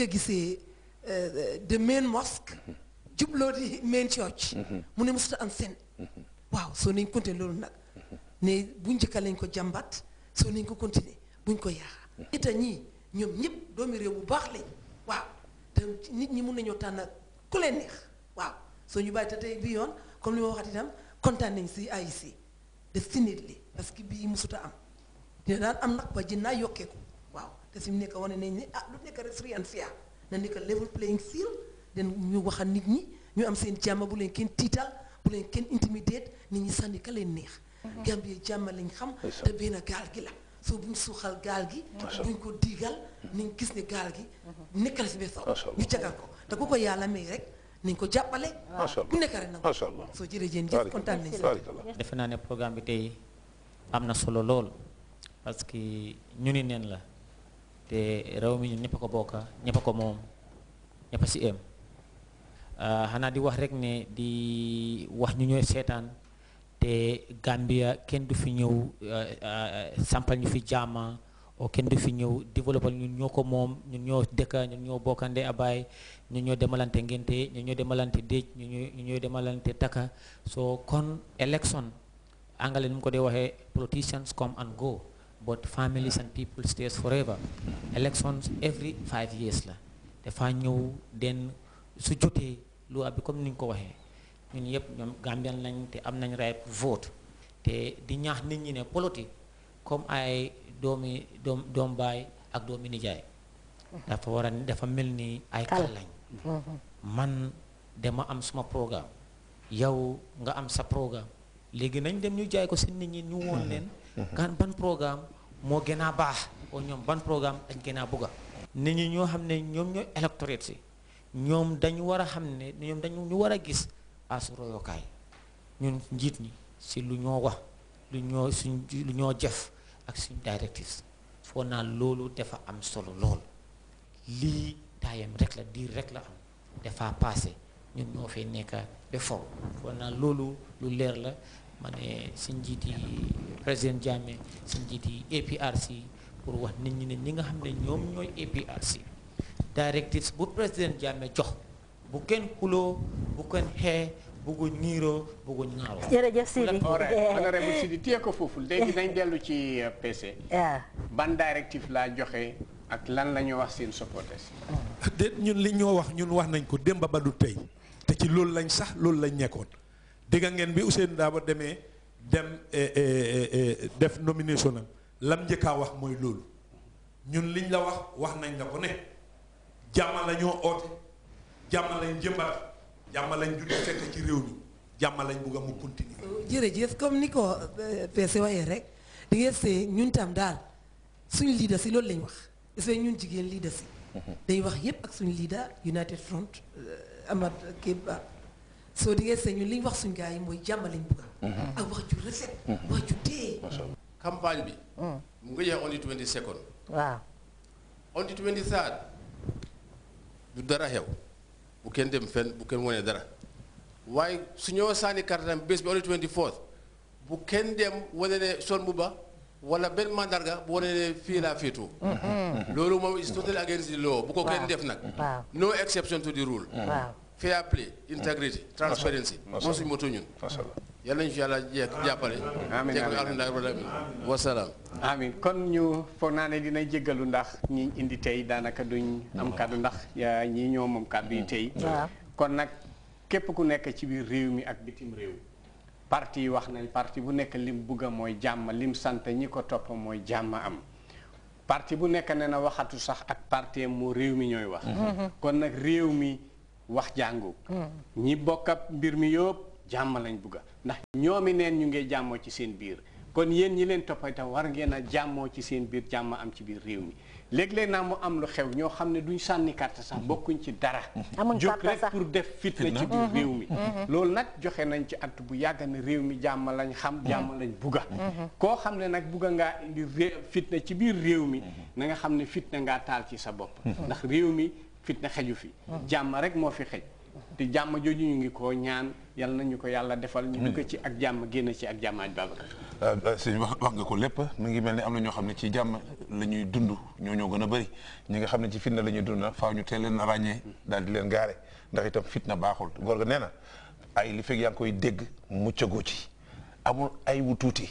nga gisee the euh, main mosque jubloo di main church mu ne musuta am seen waaw soo nañ continuer loolu nag ne bu njëkka lañ ko jàmbat soo nañ ko continuer buñ ko yaaxa ita ñi ñoom ñëpp doomi réew bu baax lañ waaw te nit ñi mun nañoo tànn ku leen neex waaw soo ñu bàyyi te tey bi yoon comme li ma waxat itam kontaan nañ si AIC de sinit li parce que bii musuta am dina daan am nag ba jën naa te si mu nekk wane nañ ne ah lu nekk rek free and fair na nekk level playing field den ñu waxal nit ñi ñu am seen jàmm bu leen kenn tiital bu leen kenn intimidate nit ñi sànni ka leen neex. Mm-hmm. Gambie jàmma lañ xam. te benn gaal gi la soo buñ suuxal gaal gi. buñ ko diigal mm-hmm. nañ gis ne gaal gi. Mm-hmm. nekkal si biir soxla ñu jagal ko te ku yàlla may rek. nañ ko jàppale. macha allah ku nekk rek nag. macha allah soo jërëjëf jëf kontaan nañ si. defe naa ne tey am na solo lool parce que ñu ni neen la. te réew mi ñun ñëpp ko bokk ñepp ko mom ñepp ci em hana di wax rek ne di wax ñu ñoy seetaan te Gambia kenn du fi ñëw ah, ah, sampal ñu fi jama o kenn du fi ñew développer ñun ñoko mom ñun ñoo dëkk ñun ñoo bokkande abay ñun ñoo demalante ngenté ñun ñoo demalante déj ñun ñoo demalante taka so kon election angale ñu ko dee waxee politicians come and go but families and people stays forever elections every five years la dafa ñëw den su jotee lu abi comme ni nga ko waxee ñun yëpp ñoom Gambian lañ te am nañ right vote te di ñaax nit ñi ne politique comme ay doomi doom doom baay ak doomi nijaay dafa war dafa mel ni ay kal lañ mm-hmm. man dama am suma programme yow nga am sa programme léegi nañ dem ñu jaay ko seen nit ñi ñu woon leen Mhm. kan ban programme moo gën a baax o ñoom ban programme ak gën a bëgg a nit ñoo xam ne ñoom ñooy électorate si ñoom dañu war a xam ne ñoom dañu ñu war a gis as royokaay njiit ñi si lu ñoo wax lu ñoo suñ lu ñoo jëf ak suñ directives foo naa loolu dafa am solo lool lii taayam rek la diir rek la am dafa passé ñun ñoo fee nekk de faw foo naa loolu lu leer la ma ne si njiit yi président Jammeh si njiit yi APRC pour wax nit ñi ne ñi nga xam ne ñoom ñooy APRC directives bu président Jammeh jox bu kenn xuloo bu kenn xee buggu niiroo buggu ñaaroo. jërëjëf Sidi honorable Sidi téye ko foofu léegi nañ dellu ci euh, PC. ban directive laa joxe ak lan la ñu wax seen supporters. déet ñun li ñoo wax ñun wax nañ ko démb ba du tey te ci loolu lañ sax loolu lañ nekkoon. dégg ngeen bi Ousseynou Daaba demee dem eh, eh, eh, def nomination am lam njëkkaa wax mooy loolu ñun liñ la wax wax nañ la ko ne jàmm la ñoo oote jàmm lañ jëmbat jàmm lañ judd fekk ci réew mi jàmm lañ bugg a mu continuer. Oh, jërëjëf comme ni ko PC waxee rek di ngeen see ñun tam daal suñu leader si loolu lañ wax est ñun jigéen leader si. Mhm. day wax yépp ak suñu leader United Front Amad Keba. soo diggee sëñ ñu li wax suñu gaa yi mooy jàmm lañ bëgg. Mhm. ak wax ju rafet. Mhm. wax ju dee. campagne bi. Mhm. mu ngi jeex on dit twenty second. waaw. on twenty third. xew. bu kenn dem fenn bu kenn wane sànni kartam bés bi on dit twenty kenn dem wane ne sol mbuba wala benn mandarga bu wane ne fii laa féetoo. loolu moom is totally against law bu ko kenn def nag. no exception to the rule. fair play integrity transparency moom suñu moto ñun yàlla nañu fi yàlla jekk jàppale jekk alhamdulilah rabbil alamin wasalaam amin kon ñu foog naa ne dina jéggalu ndax ñi indi tey daanaka duñ am kàddu ndax ñi ñoo moom kàddu yi tey kon nag képp ku nekk ci biir réew mi ak bitim réew parti wax nañ partie bu nekk lim bugg a mooy jàmm lim sant ñi ko topp mooy jàmm am parti bu nekk ne na waxatu sax ak parti mu réew mi ñooy wax mm-hmm. kon nag réew mi wax jàngu hmm. ñi bokk ab mbir mi yëpp jàmm lañ bugga ndax ñoomi neen ñu ngi jàmmoo ci seen biir kon yéen ñi leen toppatoo war ngeen a jàmmoo ci seen biir jàmm am ci biir réew mi léeg-léeg naa mu am lu xew ñoo xam ne duñ sànni carte sax bokkuñ ci dara jóg rek pour def fitna ci biir mhm. réew mi mhm. loolu nag joxe nañ ci at bu yàgg ne réew mi jàmm lañ xam mhm. jàmm lañ bugga koo xam ne nag bugga ngaa indi ré fitna ci biir réew mi na nga xam ne fitna ngaa taal ci sa bopp ndax réew mi fitna xeju fi jàmm rek moo fi xej te jàmm jooju ñu ngi ko ñaan yal ñu ko yàlla defal. ñu ko ci ak jàmm génn ci ak jàmm aj Babacar. Euh, euh, sëñ wax wax nga ko lépp mu ngi mel ni am na ñoo xam ne ci jàmm la ñuy dund ñoo ñoo gën a bëri ñi nga xam ne ci fitna la ñuy dund nag faaw ñu teel leen a daal di leen gaare ndax itam fitna baaxul góor nee na ay li fekk yaa ngi koy dégg muccagoo ci amul ay wu tuuti.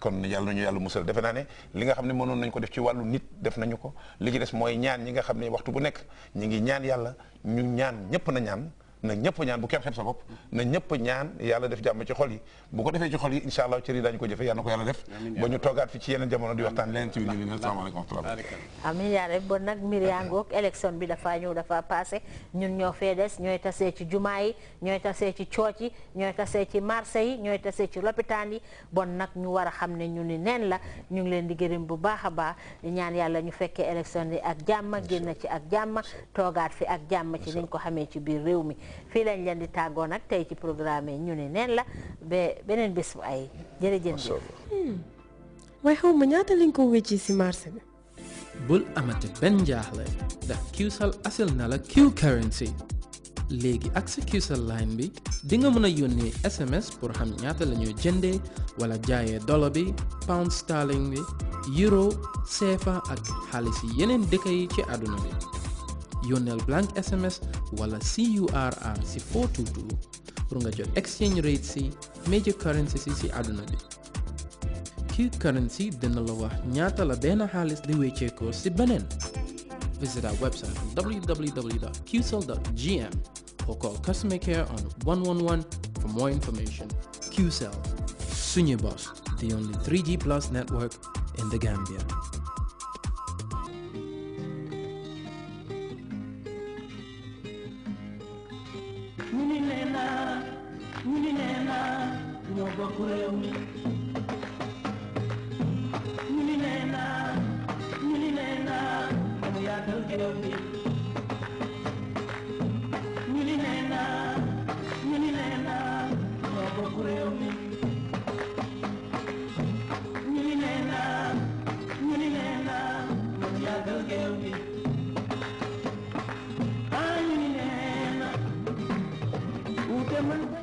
kon yàlla nañu yàlla musal defe ne li nga xam ne mënoon nañ ko def ci wàllu nit def nañu ko li ci des mooy ñaan ñi nga xam ne waxtu bu nekk ñi ngi ñaan yàlla ñu ñaan ñëpp na ñaan na ñëpp ñaan bu kenn xeeb sa bopp na ñëpp ñaan yàlla def jàmm ci xol yi bu ko defee ci xol yi incha allah cër yi ko jëfe yàlla def ba ñu toogaat fi ci yeneen jamono di nag mbir yaa ngoog élection bi dafa ñëw dafa passé ñoo fee des ñooy tasee ci jumaa yi ñooy tasee ci cooc yi ñooy tasee ci marché yi ñooy tasee ci lopitaan yi bon nag ñu war a xam ne ñu ni neen la ñu ngi leen di gërëm bu baax a baax ñaan yàlla ñu fekkee élection yi ak jàmm génn ci ak jàmm toogaat fi ak jàmm ci niñ ko xamee ci biir réew mi fii lañ leen di tàggoo nag tey ci programme yi ñu ne neen la ba beneen bés bu ay jërëjëf hmm. waaye xaw ma ñaata lañ ko wéccee ci marché bi bul amati benn njaaxle ndax Qcell asil na la Q currency léegi ak sa Qcell line bi di nga mën a yónnee SMS pour xam ñaata la ñuy jëndee wala jaayee dollar bi pound sterling bi euro CFA ak xaalis yi yeneen dëkk yi ci àdduna bi Yonel blank SMS wala CURR 4 422 pour nga jot exchange rate si major currency si si bi. Q currency dina la wax ñaata la benn xaalis di wécceekoo si beneen. Visit our website www.qcell.gm or call customer care on 111 for more information. QCell, Sunye Boss, the only 3G plus network in the Gambia. na ñu ni nee na ñoo bokk réew mi ñu ni nee na ñu ni nee na mu yaatal réew mi Tamil